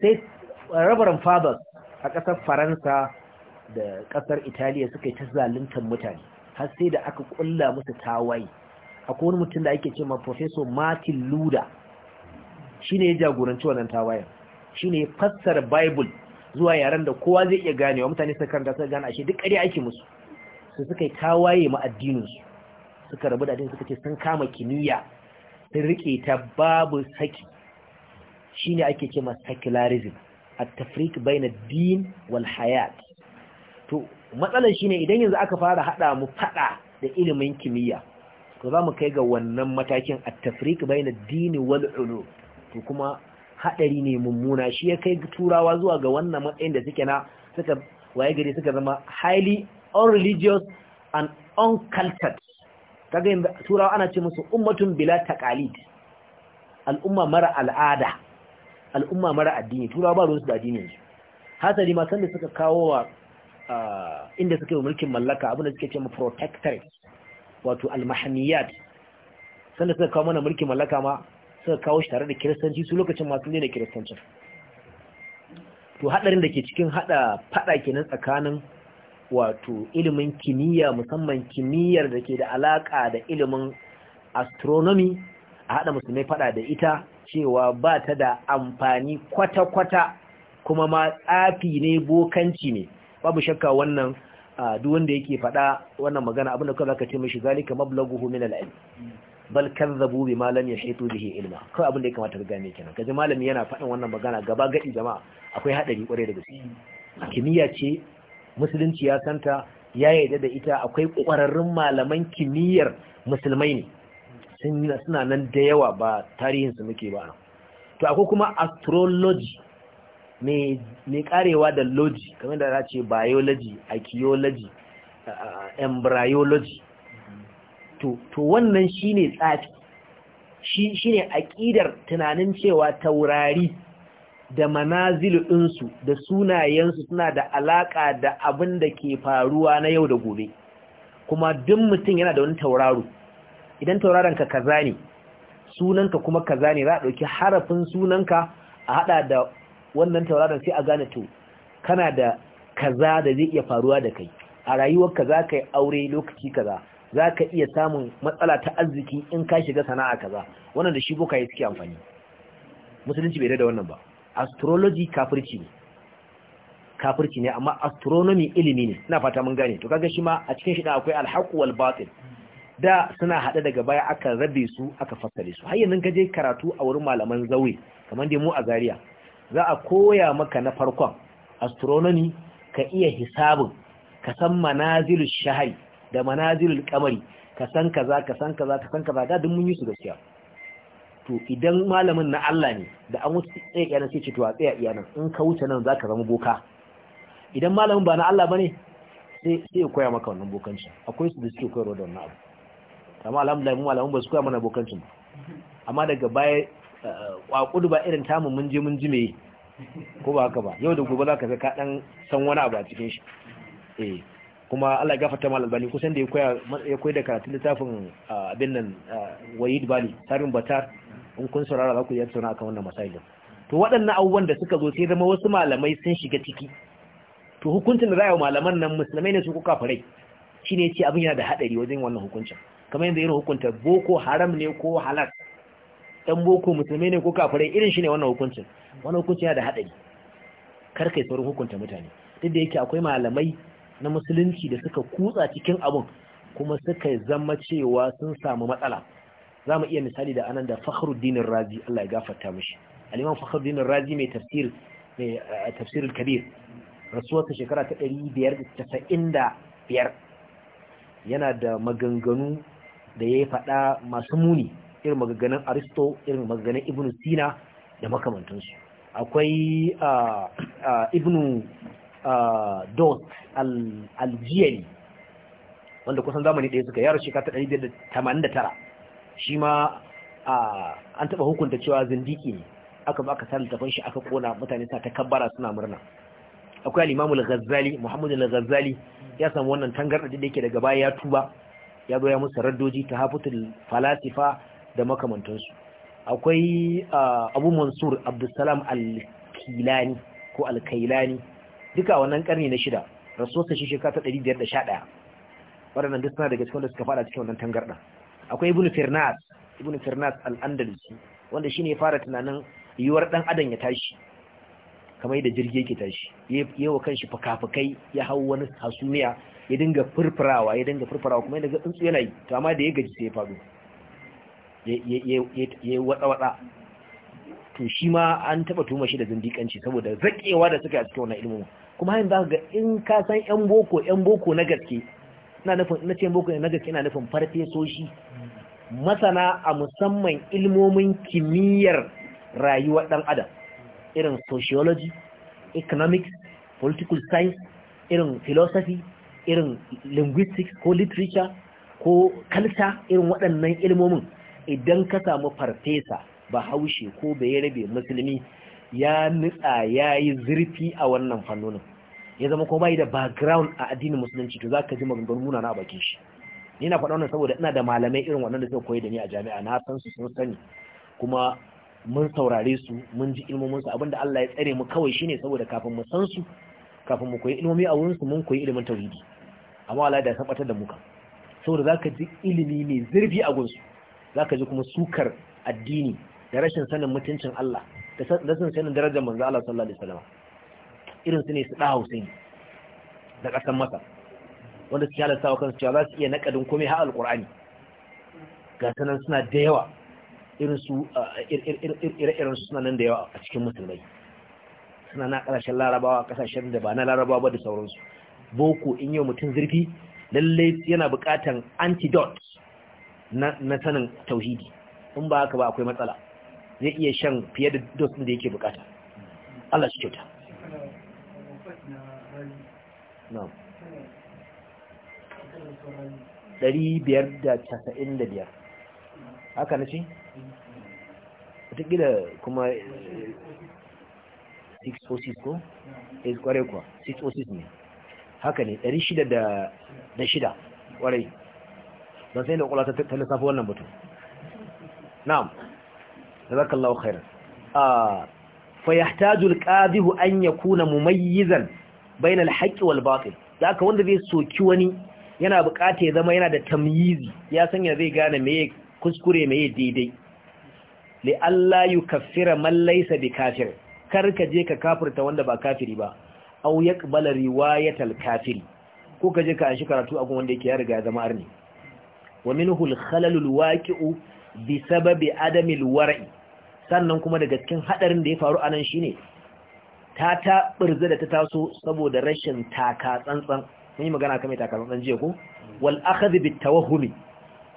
[SPEAKER 1] sai rabaran fathers a ƙasar faransa da ƙasar italiya suka yi ta zaluntar mutane har sai da aka ƙulla musu tawaye akwai wani mutum da ake ce ma professor martin luda shine ya jagoranci wannan tawayen shine ya fassara bible zuwa yaren da kowa zai iya gane wa mutane suka karanta suka gane ashe duk ƙarya ake musu su suka yi tawaye ma addinin su suka rabu da addinin suka ce sun kama kimiyya sun rike ta babu saki shine ake cewa secularism at-tafriq bayna din wal hayat to matsalar shine idan yanzu aka fara hada mu fada da ilimin kimiyya to za mu kai ga wannan matakin at-tafriq bayna din wal ulum to kuma hadari ne mummuna shi ya kai turawa zuwa ga wannan matsayin da suke na suka waye gari suka zama highly unreligious and uncultured kaga yanzu turawa ana ce musu ummatun bila taqalid al'umma mara al'ada al'umma mara addini turawa ba su da addini ne hasali ma san da suka kawo wa ah, inda suka yi mulkin mallaka abinda suke ce ma protectorate wato al-mahamiyat sanda suka kawo mana mulkin mallaka ma suka kawo shi tare da kiristanci su lokacin masu ne da kiristancin to hadarin da ke cikin hada fada kenan tsakanin wato ilimin kimiyya musamman kimiyyar da ke da alaka da ilimin astronomi, a hada musulmai fada da ita cewa ba ta da amfani kwata-kwata kuma ma tsafi ne bokanci ne babu shakka wannan ah, duk wanda yake fada wannan magana abinda kawai zaka ce mashi zalika mablaguhu min ilm bal kazzabu bima lam yahitu bihi ilma ko abin da ya kamata ga me kenan kaji malami yana faɗin wannan magana gaba gadi jama'a akwai hadari kware da gaske kimiyya ce musulunci ya santa ya yarda da ita akwai kwararrun malaman kimiyyar musulmai ne suna nan da yawa ba tarihin su muke ba to akwai kuma astrology mai karewa da logi kamar da za ce biology archaeology embryology to wannan shine tsafi shi shine aƙidar tunanin cewa taurari da manazilu ɗinsu da sunayensu suna da alaƙa da abin da ke faruwa na yau da gobe kuma duk mutum yana da wani tauraro idan ka kaza ne sunanka kuma kaza ne za a ɗauki harafin sunanka a haɗa da wannan tauraron sai a gane to kana da kaza da zai iya faruwa da kai a rayuwar za ka yi aure lokaci kaza za ka iya samun matsala ta arziki in ka shiga sana'a kaza wannan da shi boka yi suke amfani musulunci bai da wannan ba astrology kafirci ne kafirci ne amma astronomy ilimi ne ina fata mun gane to kaga shi ma a cikin shi da akwai alhaq wal batil da suna hada daga baya aka rabe su aka fassare su har yanzu ka je karatu a wurin malaman zawi kamar dai mu a Zariya. za a koya maka na farkon astronomy ka iya hisabin ka san Manazilu shahari da manazilul kamari ka san kaza ka san kaza ka san kaza da duk mun yi su gaskiya to idan malamin na Allah ne da an wuce tsaye iyana sai ce to a tsaya iyana in ka wuce nan zaka zama boka idan malamin ba na Allah bane sai sai ya koya maka wannan bokanci akwai su da suke koyarwa da wannan abu amma alhamdulillah mu malamin ba su koya mana bokancin ba amma daga baya kwakudu eh, ba irin tamu mun je mun ji me ko ba haka ba yau da gobe zaka ga ka dan san wani abu a cikin shi eh kuma Allah ya gafarta malam Albani kusan da ya koya ya koyar da karatun littafin abin nan Wayid Bali tarin batar in kun saurara za ku yi tsana akan wannan masailin to waɗannan abubuwan da suka zo sai zama wasu malamai sun shiga ciki to hukuncin da za a yi malaman nan musulmai ne su ko kafirai shine ce abin yana da hadari wajen wannan hukuncin kamar yadda irin hukunta boko haram ne ko halal dan boko musulmai ne ko kafirai irin shine wannan hukuncin wannan hukuncin yana da hadari kar kai saurin hukunta mutane duk da yake akwai malamai na musulunci da suka kutsa cikin abun kuma suka zama cewa sun samu matsala za mu iya misali da anan da fakhruddin razi Allah ya gafarta mishi al-imam fakhruddin razi mai tafsir mai eh, tafsir kabir rasuwarsa shekara ta biyar yana da maganganu da ya faɗa masu muni irin maganganun aristo irin maganganun ibnu sina da makamantansu akwai ah, ah, ibnu Uh, dos algeri wanda kusan zamani ɗaya suka yaro shekata 1989 shi ma uh, an taɓa hukunta cewa zindiki ne aka ba ka sa littafin shi aka kona mutane sa ta kabbara suna murna akwai alimamu al-Ghazali Muhammad al ya samu wannan tangar da yake daga baya ya tuba ya zo ya musu raddoji ta hafutul falasifa da makamantansu akwai uh, Abu Mansur Abdulsalam al-Kilani ko al-Kailani duka wannan karni na shida rasuwa shi shekara ta ɗaya. waɗannan duk suna daga cikin wanda suka fada cikin wannan tangarɗa akwai ibnu firnas ibnu firnas al wanda shine ya fara tunanin yiwuwar ɗan adam ya tashi kamar yadda jirgi yake tashi ya wa kanshi fakafakai ya hau wani hasumiya ya dinga furfurawa ya dinga furfurawa kuma yadda tsuntsu yana yi to amma da ya gaji sai ya faɗo ya watsa-watsa to shi ma an taɓa tuma shi da zindiƙanci saboda zaƙewa da suka yi a cikin wannan ilimin kuma hain za ga in ka san yan boko yan boko na gaske ina nufin na ce boko na gaske ina nufin farfesoshi masana a musamman ilmomin kimiyyar rayuwar dan adam irin sociology economics political science irin philosophy irin linguistics ko literature ko kalta, irin waɗannan ilmomin idan ka samu farfesa bahaushe ko bayarabe musulmi ya nitsa ya yi zurfi a wannan fannonin ya zama kuma yi da background a addinin musulunci to za ka ji maganganun muna na bakin shi ni na faɗa wannan saboda ina da malamai irin wannan da suka koyi da ni a jami'a na san su sun sani kuma mun saurare su mun ji ilmomin su abinda Allah ya tsare mu kawai shine saboda kafin mu san su kafin mu koyi ilmomi a wurin su mun koyi ilimin tauhidi amma wallahi da tabbatar da muka. kan saboda zaka ji ilimi ne zurfi a gunsu zaka ji kuma sukar addini da rashin sanin mutuncin Allah da sun sanin darajar manzo Allah sallallahu alaihi wasallam irin su ne su da Hausaini da kasan Masar wanda su halatta wa kansu cewa za su iya nakadin komai har alqur'ani ga sanan suna da yawa irin su irin su suna nan da yawa a cikin musulmai suna na kasashen larabawa kasashen da ba na larabawa ba da sauransu boko in yau mutum zurfi lallai yana buƙatan antidote na sanin tauhidi in ba haka ba akwai matsala zai iya shan fiye da dosin da yake bukata Allah su kyauta ɗari biyar da casa'in da biyar haka na ce? watakila kuma eh, oh ko? is eh, kware kuwa oh ne haka ne ɗari shida da shida kwarai. don sai da ta lissafi wannan mutum na'am zakallahu khairan ah, fa yahtaju alqadihu an yakuna mumayyizan bayna alhaqqi wal batil aka wanda zai soki wani yana bukata ya zama yana da tamyizi ya sanya zai gane meye kuskure meye daidai li alla yukaffira man laysa bikafir kar ka je ka kafirta wanda ba kafiri ba aw yaqbal riwayatal kafiri ko ka je ka anshi karatu a gun wanda yake ya riga ya zama arni wa minhu alkhalal khalal bi sababi adami warai. sannan kuma daga cikin hadarin da ya faru anan ne ta ta birza da ta taso saboda rashin taka tsantsan mun yi magana kan mai taka tsantsan jiya ko wal akhadh bit tawahhumi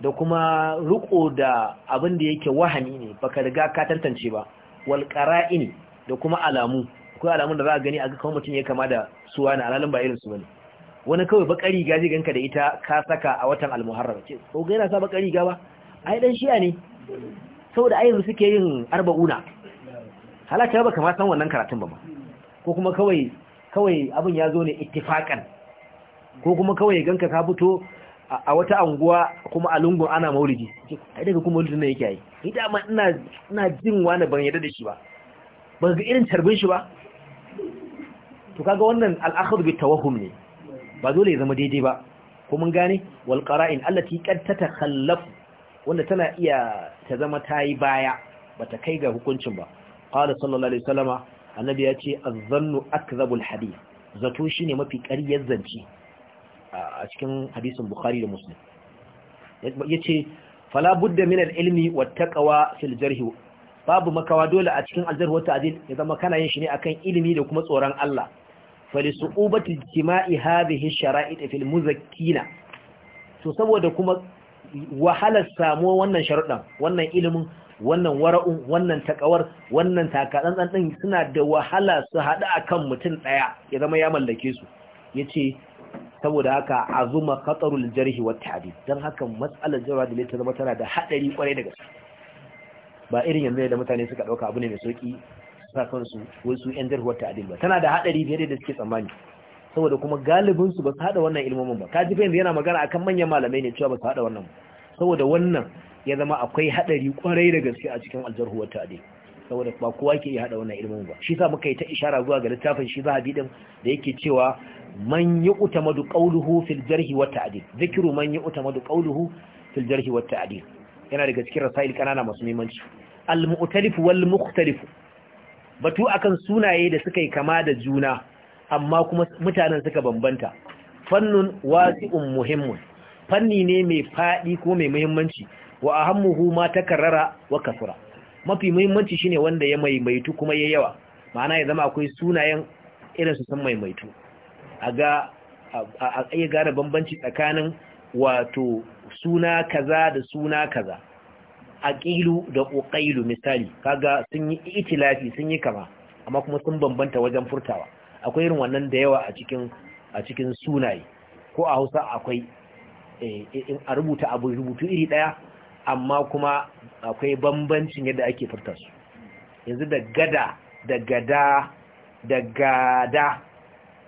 [SPEAKER 1] da kuma riko da abin da yake wahami ne baka riga ka tantance ba wal ini da kuma alamu akwai alamun da za a gani a ga kawai mutum ya kama da suwa na alalin ba irin su wani kawai bakar riga zai ganka da ita ka saka a watan almuharram ce ko ga yana sa bakar riga ba ai dan shi'a ne saboda ayin suke yin arba'una halaka ba kamar san wannan karatun ba ma ko kuma kawai kawai abin ya zo ne ittifakan ko kuma kawai ganka ka fito a wata anguwa kuma a lungun ana maulidi ai daga kuma maulidin ne yake yi ni da ma ina ina jin wani ban yarda da shi ba ban ga irin tarbin shi ba to kaga wannan al-akhd bi tawahhum ne ba dole ya zama daidai ba ko mun gane wal qara'in allati qad tatakhallafu wanda tana iya ta zama ta yi baya bata kai ga hukuncin ba qala sallallahu alaihi wasallama annabi ya ce a zannu akdhabul hadith zato shine mafi ƙaryar zance a cikin hadisin bukhari da muslim yace fala budda min ilmi wat taqwa fil jarh babu makawa dole a cikin aljarh wa ta'dil ya zama kana yin shi ne akan ilimi da kuma tsoron Allah fali su'ubati ijtima'i hadhihi ash-shara'it fil muzakkina to saboda kuma wahalar samuwa wannan sharuɗan wannan ilimin wannan wara'un wannan takawar wannan takatsantsan ɗin suna da wahala su haɗu a kan mutum ɗaya ya zama ya mallake su ya ce saboda haka azuma katsarul jarhi wa ta'adi don haka matsalar jarwa da ta zama tana da haɗari kwarai daga su. ba irin yanzu da mutane suka ɗauka abu ne mai sauƙi sa kansu wasu yan jarhi wa ta'adi ba tana da haɗari fiye da suke tsammani saboda kuma galibin su ba su hada wannan ilmomin ba kaji fa yanzu yana magana akan manyan malamai ne cewa ba su hada wannan ba saboda wannan ya zama akwai hadari kwarai da gaske a cikin aljarhu wa ta'dil saboda ba kowa ke iya hada wannan ilmomin ba shi sa muka yi ta ishara zuwa ga littafin shi zahabi din da yake cewa man yu'tamadu qawluhu fil jarhi wa ta'dil zikru man yu'tamadu qawluhu fil jarhi wa ta'dil yana daga cikin rasail kanana masu muhimmanci al mu'talif wal mukhtalif batu akan sunaye da suka yi kama da juna amma kuma mutanen suka bambanta fannun wasi'un muhimmin. fanni ne mai fadi ko mai muhimmanci wa ahammuhu ma takarrara wa kasura mafi muhimmanci shine wanda ya maimaitu kuma ya yawa ma'ana ya zama akwai sunayen irin su san maimaitu a ga a iya gane bambanci tsakanin wato suna kaza da suna kaza aqilu da uqailu misali kaga sun yi itilafi sun yi kama amma kuma sun bambanta wajen furtawa akwai irin wannan da yawa a cikin a sunaye ko a Hausa akwai eh, in a rubuta abu rubutu iri daya amma kuma akwai bambancin yadda ake furta yanzu da gada da gada da gada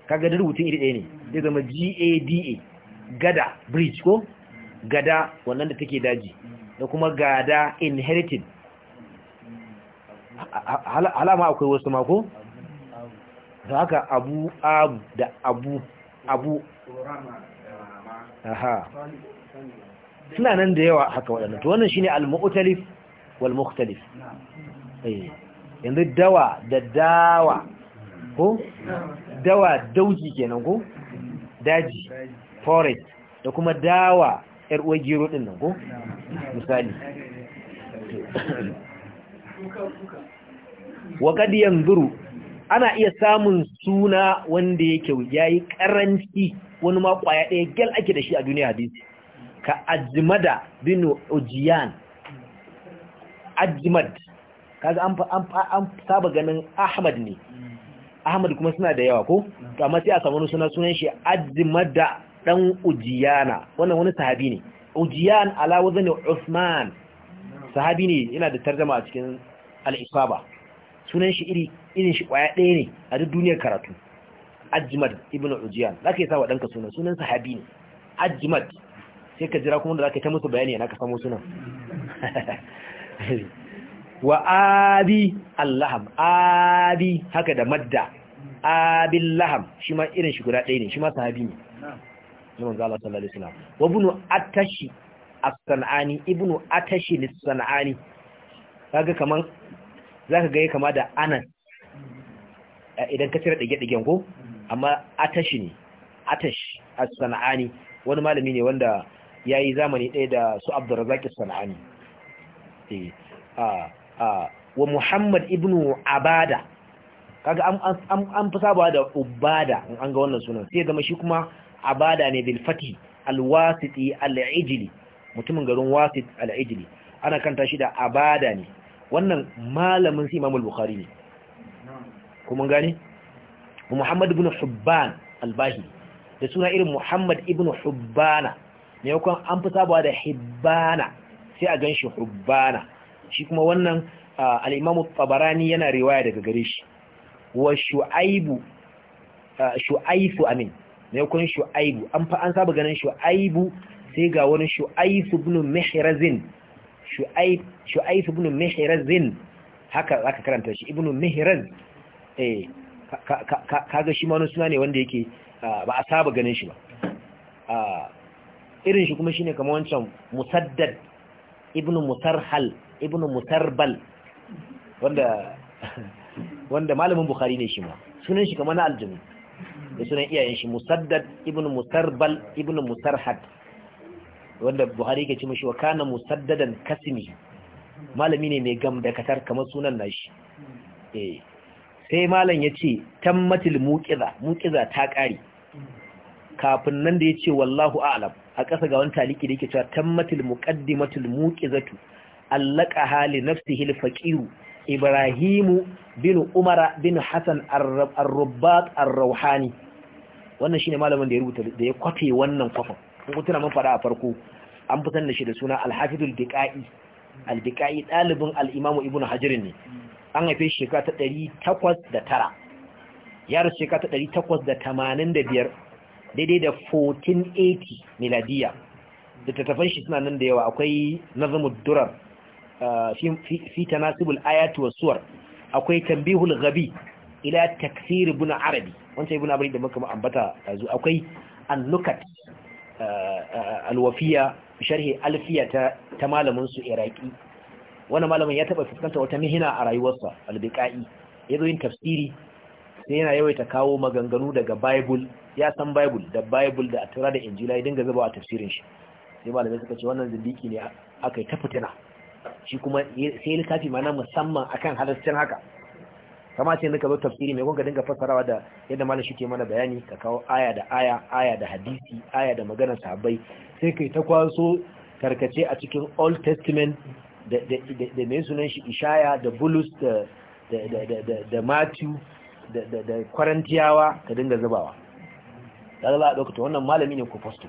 [SPEAKER 1] kaga da rubutun iri ɗaya ne zai zama gada gada bridge ko gada wannan da take daji da kuma gada inherited halama akwai wasu mako da haka abu abu da abu abu
[SPEAKER 2] aha suna nan
[SPEAKER 1] da yawa haka waɗannan to wannan shine al-mu'talif wal mukhtalif eh yanzu dawa da dawa ko dawa dauji kenan ko daji forest da kuma dawa yar uwar gero din nan ko misali wa kad yanzuru ana iya samun suna wanda yake yi karanci wani ma kwaya ɗaya gyal ake da shi a duniya hadisi ka ajmada bin ujiyan ajimad kaga an an saba ganin ahmad ne ahmad kuma suna da yawa ko to amma sai a samu suna sunan shi ajmada dan ujiyana wannan wani sahabi ne ujiyan ala wazn usman sahabi ne yana da tarjuma a cikin al-isaba sunan shi iri irin shi kwaya ɗaya ne a duk duniyar karatu ajimad ibn ujiyan za ka yi sawa ɗanka sunan sunan sahabi ne ajimad sai ka jira kuma da za ka ta musu bayani yana ka samu sunan wa abi allaham abi haka da madda abin laham shi ma irin shi guda ɗaya ne shi ma sahabi ne zuwan zala sallallahu alaihi wasallam wa ibn atashi as-sanani ibn atashi lis-sanani kaga kaman kama da anas idan ka cire ɗage-ɗagen ko amma atashi ne atash a sana'ani wani malami ne wanda ya yi zamani ɗaya da su abdurrazaki sana'ani eh, wa muhammad ibnu abada kaga an fi sabawa da ubada in an ga wannan sunan sai zama shi kuma abada ne bilfati alwasiti al'ijili mutumin garin wasit al'ijili ana kanta shi da abada ne wannan malamin su imamul bukhari ne kuma gani Muhammad ibn Hubban al-Bahili da suna irin Muhammad ibn Hubbana ne an fi sabawa da Hibbana sai a ganshi Hubbana shi kuma wannan al-Imam tabarani yana riwaya daga gare shi wa Shu'aibu Shu'aifu amin ne Shu'aibu an fa an saba ganin Shu'aibu sai ga wani Shu'aifu ibn Mihrazin Shu'aib Shu'aifu ibn Mihrazin haka aka karanta shi ibn Mihraz Eh, kaga shi ma suna ne wanda yake ba a saba ganin shi ba irin shi kuma shi ne kama wancan musaddad ibn mutarhal ibn mutarbal wanda wanda malamin bukhari ne shi ma sunan shi kama na aljini da sunan iyayen shi musaddad ibn mutarbal ibn mutarhad wanda buhari ke ce mashi wa kana musaddadan kasimi malami ne mai gam da katar kama sunan nashi shi. Eh, sai malam ya ce tammatil muƙiza muƙiza ta ƙari kafin nan da ya ce wallahu a'lam a ƙasa ga wani taliki da yake cewa tammatil muqaddimatul muqizatu allaka hali nafsihi al-faqiru ibrahimu bin umara bin hasan ar rabbat ar-rauhani wannan shine malamin da ya rubuta da ya kwafe wannan kwafa kun kutuna mun fara a farko an fitar da shi da suna al-hafidul biqai al-biqai talibin al-imamu ibnu hajar ne an haife shekara ta ɗari takwas da tara yaran shekara ta ɗari takwas da tamanin da biyar daidai da 1480 miladiya littattafan shi suna nan da yawa akwai nazamud durar uh, fi tanasibul suwar akwai tambihul rabi ila takfir buna arabi wancan ibn abin da muka ambata yanzu akwai annukat uh, uh, alwafiya sharhi alfiya ta malamin su iraki Wani malamin ya taba fuskanta wata mihina a rayuwarsa albiqai zo yin tafsiri sai yana yawaita kawo maganganu daga bible ya san bible da bible da atura da injila ya dinga zubawa tafsirin shi sai malamai suka ce wannan zindiki ne akai ta fitina shi kuma sai littafi ma na musamman akan halarcin haka kama ce nika zo tafsiri mai gunga dinga fassarawa da yadda malam shi ke mana bayani ka kawo aya da aya aya da hadisi aya da maganar sahabbai sai kai ta kwaso tarkace a cikin old testament da mai sunan shi ishaya da bulus da matu da kwarantiyawa ka dinga zubawa da za a ɗaukata wannan malami ne ko fasto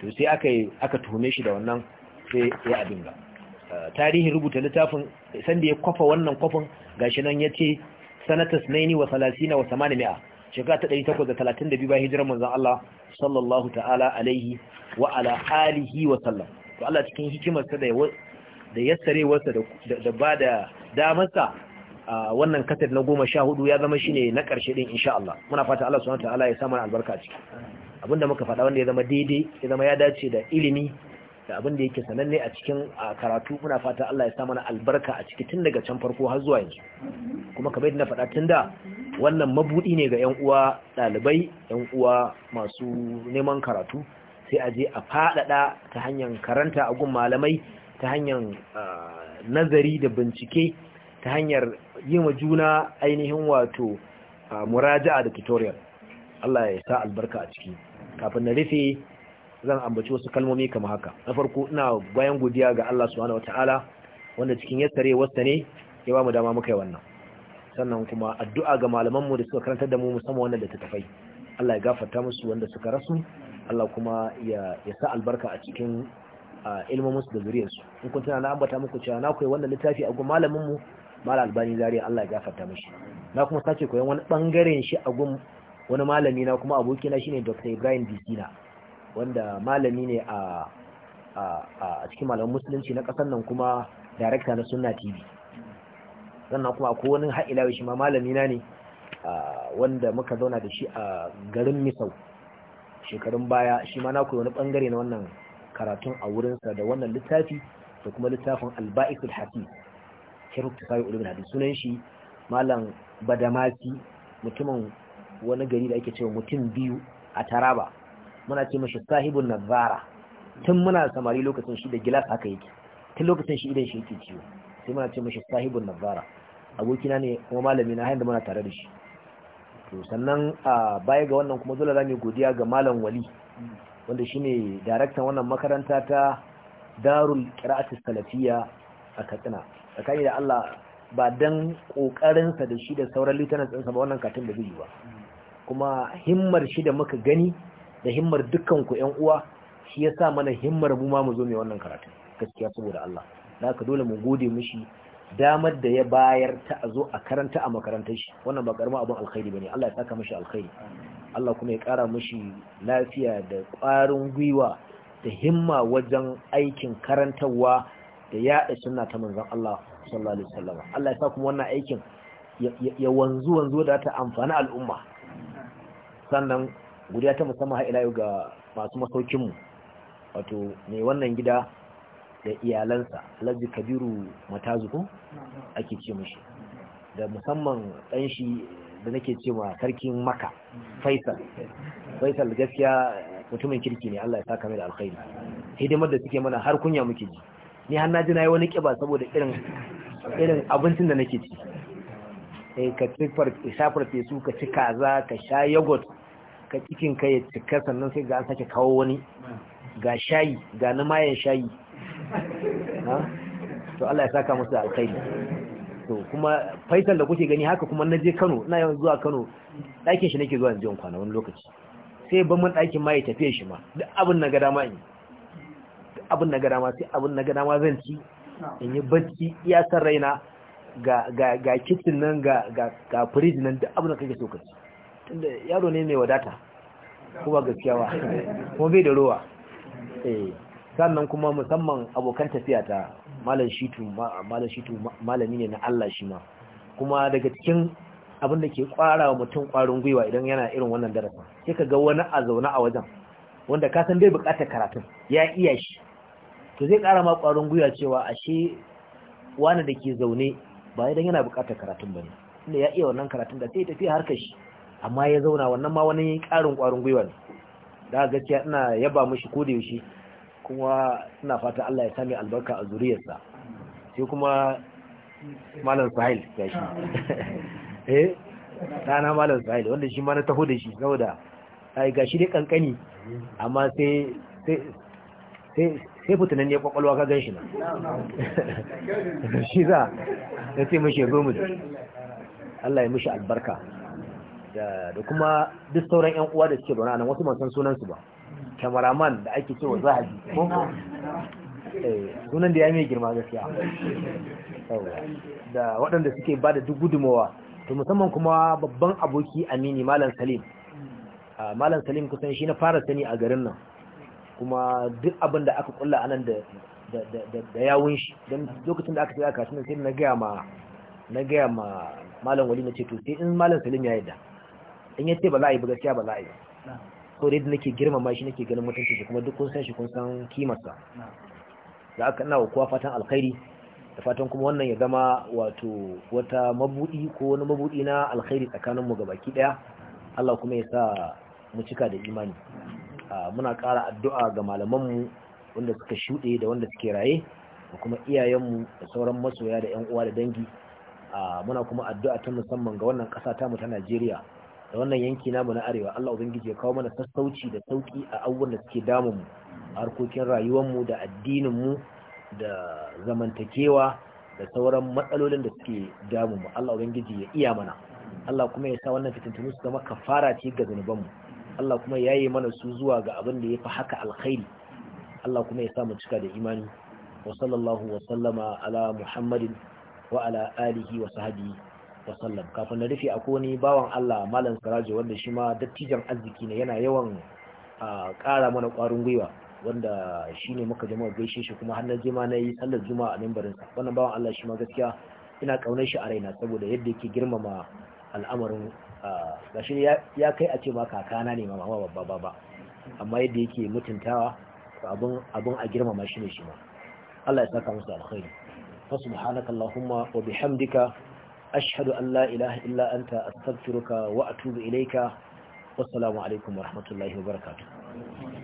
[SPEAKER 1] to sai aka tuhume shi da wannan sai ya abin ga ah, tarihin rubuta littafin sanda ya kwafa wannan kwafin gashi nan ya ce sanatas naini wa salasina wa samani mi'a shekara ta ɗari takwas da talatin da biyu bayan hijirar manzon Allah sallallahu ta'ala alaihi wa ala alihi wa sallam to Allah cikin hikimarsa da da yassarewarsa da ba da damarsa a wannan katar na goma sha hudu ya zama shi ne na ƙarshe din insha Allah muna fata Allah subhanahu wataala ya samar albarka ciki abinda muka faɗa wanda ya zama daidai ya zama ya dace da ilimi da abin da yake sananne a cikin karatu muna fata Allah ya samar albarka a ciki tun daga can farko har zuwa yanzu kuma kamar yadda na faɗa tun da wannan mabuɗi ne ga 'yan uwa ɗalibai 'yan uwa masu neman karatu sai a je a faɗaɗa ta hanyar karanta a gun malamai ta hanyar nazari da bincike ta hanyar yi wa juna ainihin wato muraja'a da tutorial Allah ya sa albarka a ciki kafin na rufe zan ambaci wasu kalmomi kamar haka na farko ina bayan godiya ga Allah subhanahu wataala wanda cikin yassare wasta ne ya ba mu dama muka yi wannan sannan kuma addu'a ga malaman mu da suka karantar da mu musamman wannan da ta tafai Allah ya gafarta musu wanda suka rasu Allah kuma ya sa albarka a cikin ilmominsu da zuriyarsu in kun tana na ambata muku cewa na koyi wannan littafi a gun malamin mu mala albani zariya Allah ya gafarta mashi na kuma sace koyon wani bangaren shi a gun wani malami na kuma abokina shine Dr. Ibrahim Bisina wanda malami ne a cikin malamin musulunci na kasar nan kuma director na Sunna TV sannan kuma akwai wani ha'ilawi shi ma malami na ne wanda muka zauna da shi a garin Misau shekarun baya shi ma na koyi wani bangare na wannan karatun a wurinsa da wannan littafi da kuma littafin alba'isul hafi ta tafayi ulumin hadis sunan shi malam badamati mutumin wani gari da ake cewa mutum biyu a taraba muna ce mashi sahibun nazara tun muna samari lokacin shi da gilas haka yake tun lokacin shi idan shi yake ciwo sai muna ce mashi sahibun nazara abokina ne kuma malami na hayan da muna tare da shi to sannan a baya ga wannan kuma dole zamu godiya ga malam wali wanda shi ne daraktan wannan makaranta ta darul kira'atis salafiya a katsina tsakani da Allah ba don ƙoƙarinsa da shi da sauran lieutenants ɗinsa ba wannan katin da zai yi ba kuma himmar shi da muka gani da himmar dukkan ku yan uwa shi ya sa mana himmar mu ma mu zo mai wannan karatu gaskiya saboda Allah na ka dole mu gode mishi damar da ya bayar ta a zo a karanta a makarantar shi wannan ba karamin abin alkhairi bane Allah ya saka mishi alkhairi Allah kuma ya kara mishi lafiya da ƙwarin gwiwa da himma wajen aikin karantarwa da da sunna ta manzon Allah sallallahu alaihi wasallam Allah ya sa kuma wannan aikin ya wanzu wanzu da ta amfani al'umma sannan guriya ta musamman har ila yau ga masu masaukin mu wato mai wannan gida da iyalansa alhaji kabiru matazuku ake ce mashi da musamman ɗanshi shi da nake ce ma sarkin maka faisal faisal gaskiya mutumin kirki ne allah ya saka mai da alkhairi hidimar da suke mana har kunya muke ji ni har na ji na yi wani kiba saboda irin irin abincin da nake ci eh ka ci shafar fesu ka ci kaza ka sha yogurt ka cikin ka ya cika sannan sai ga an sake kawo wani ga shayi ga na shayi to Allah ya saka musu alkhairi to kuma faisal da kuke gani haka kuma na je Kano ina yau zuwa Kano ɗakin shi nake zuwa yanzu kwana wani lokaci sai ban mun ɗakin ma ya tafiye shi ma duk abin na ga dama in duk abin na ga dama sai abin na ga dama zan ci in yi bacci iya san raina ga ga ga kitchen nan ga ga ga fridge nan duk abin da kake so ka ci tunda yaro ne mai wadata kuma gaskiya ba kuma bai da ruwa. eh sannan kuma musamman abokan tafiya ta malam shitu malam malami ne na Allah shi ma kuma daga cikin abin da ke kwara wa mutum kwarin gwiwa idan yana irin wannan darasa sai ka ga wani a zauna a wajen wanda ka san bai bukata karatun ya iya shi to zai kara ma kwarin gwiwa cewa ashe wani da ke zaune ba idan yana karatu karatun ne. inda ya iya wannan karatun da sai tafi harkar shi amma ya zauna wannan ma wani karin kwarin gwiwa ne da gaskiya ina yaba mishi ko da yaushe kuma suna fata Allah ya sami albarka a zuriyarsa sai kuma malam sahil ya shi eh tana malam sahil wanda shi ma na taho da shi saboda ai gashi dai kankani amma sai sai sai fitinan ne kwakwalwa ka gan shi na
[SPEAKER 2] shi za ya ce mashi ya mu da
[SPEAKER 1] Allah ya mashi albarka da kuma duk sauran 'yan uwa da suke zaune nan wasu masan san sunansu ba cameraman da ake cewa ji ko eh, sunan da ya mai girma gaskiya da waɗanda suke ba da duk gudumawa to musamman kuma babban aboki amini malam salim malam salim kusan shi na fara sani a garin nan kuma duk abin da aka kulla anan da da yawun shi don lokacin da aka tsaya kasu nan sai na gaya ma na gaya ma malam wali na ce to sai in malam salim ya yi da. in yace ba za a yi ba gaskiya ba za a yi so da yadda nake girmama shi nake ganin mutunci shi kuma duk kun san shi kun san kimarsa da aka ina kowa fatan alkhairi da fatan kuma wannan ya zama wato wata mabudi ko wani mabudi na alkhairi tsakanin mu gabaki daya Allah kuma ya sa mu cika da imani muna ƙara addu'a ga malaman mu wanda suka shuɗe da wanda suke raye da kuma mu da sauran masoya da 'yan uwa da dangi muna kuma addu'a ta musamman ga wannan ƙasa ta mu ta Najeriya da wannan yanki namu na arewa Allah ubangiji ya kawo mana sassauci da sauki a abubuwan da suke damun mu harkokin rayuwar mu da addinin mu da zamantakewa da sauran matsalolin da suke damun mu Allah ubangiji ya iya mana Allah kuma ya sa wannan fitintunu su zama kafara ce ga zanuban mu Allah kuma ya yi mana su zuwa ga abin da ya fi haka alkhairi Allah kuma ya sa mu cika da imani wa sallallahu wa sallama ala muhammadin wa ala alihi wa sahbihi wasallam kafin na rufe a koni bawan Allah malam Sirajo wanda shi ma dattijan arziki ne yana yawan kara mana ƙwarin gwiwa wanda shi ne muka jama'a gaishe shi kuma har na je ma na yi sallar juma'a a mimbarin sa wannan bawan Allah shi ma gaskiya ina kaunar shi a raina saboda yadda yake girmama al'amarin shi ya kai a ce ma kakana ne ma babba ba. amma yadda yake mutuntawa abun abun a girmama shi ne shi ma Allah ya saka masu alkhairi fa allahumma wa bihamdika ashhadu allah la ilaha illa anta astaghfiruka wa atubu ilayka wassalamu alaikum wa wabarakatuh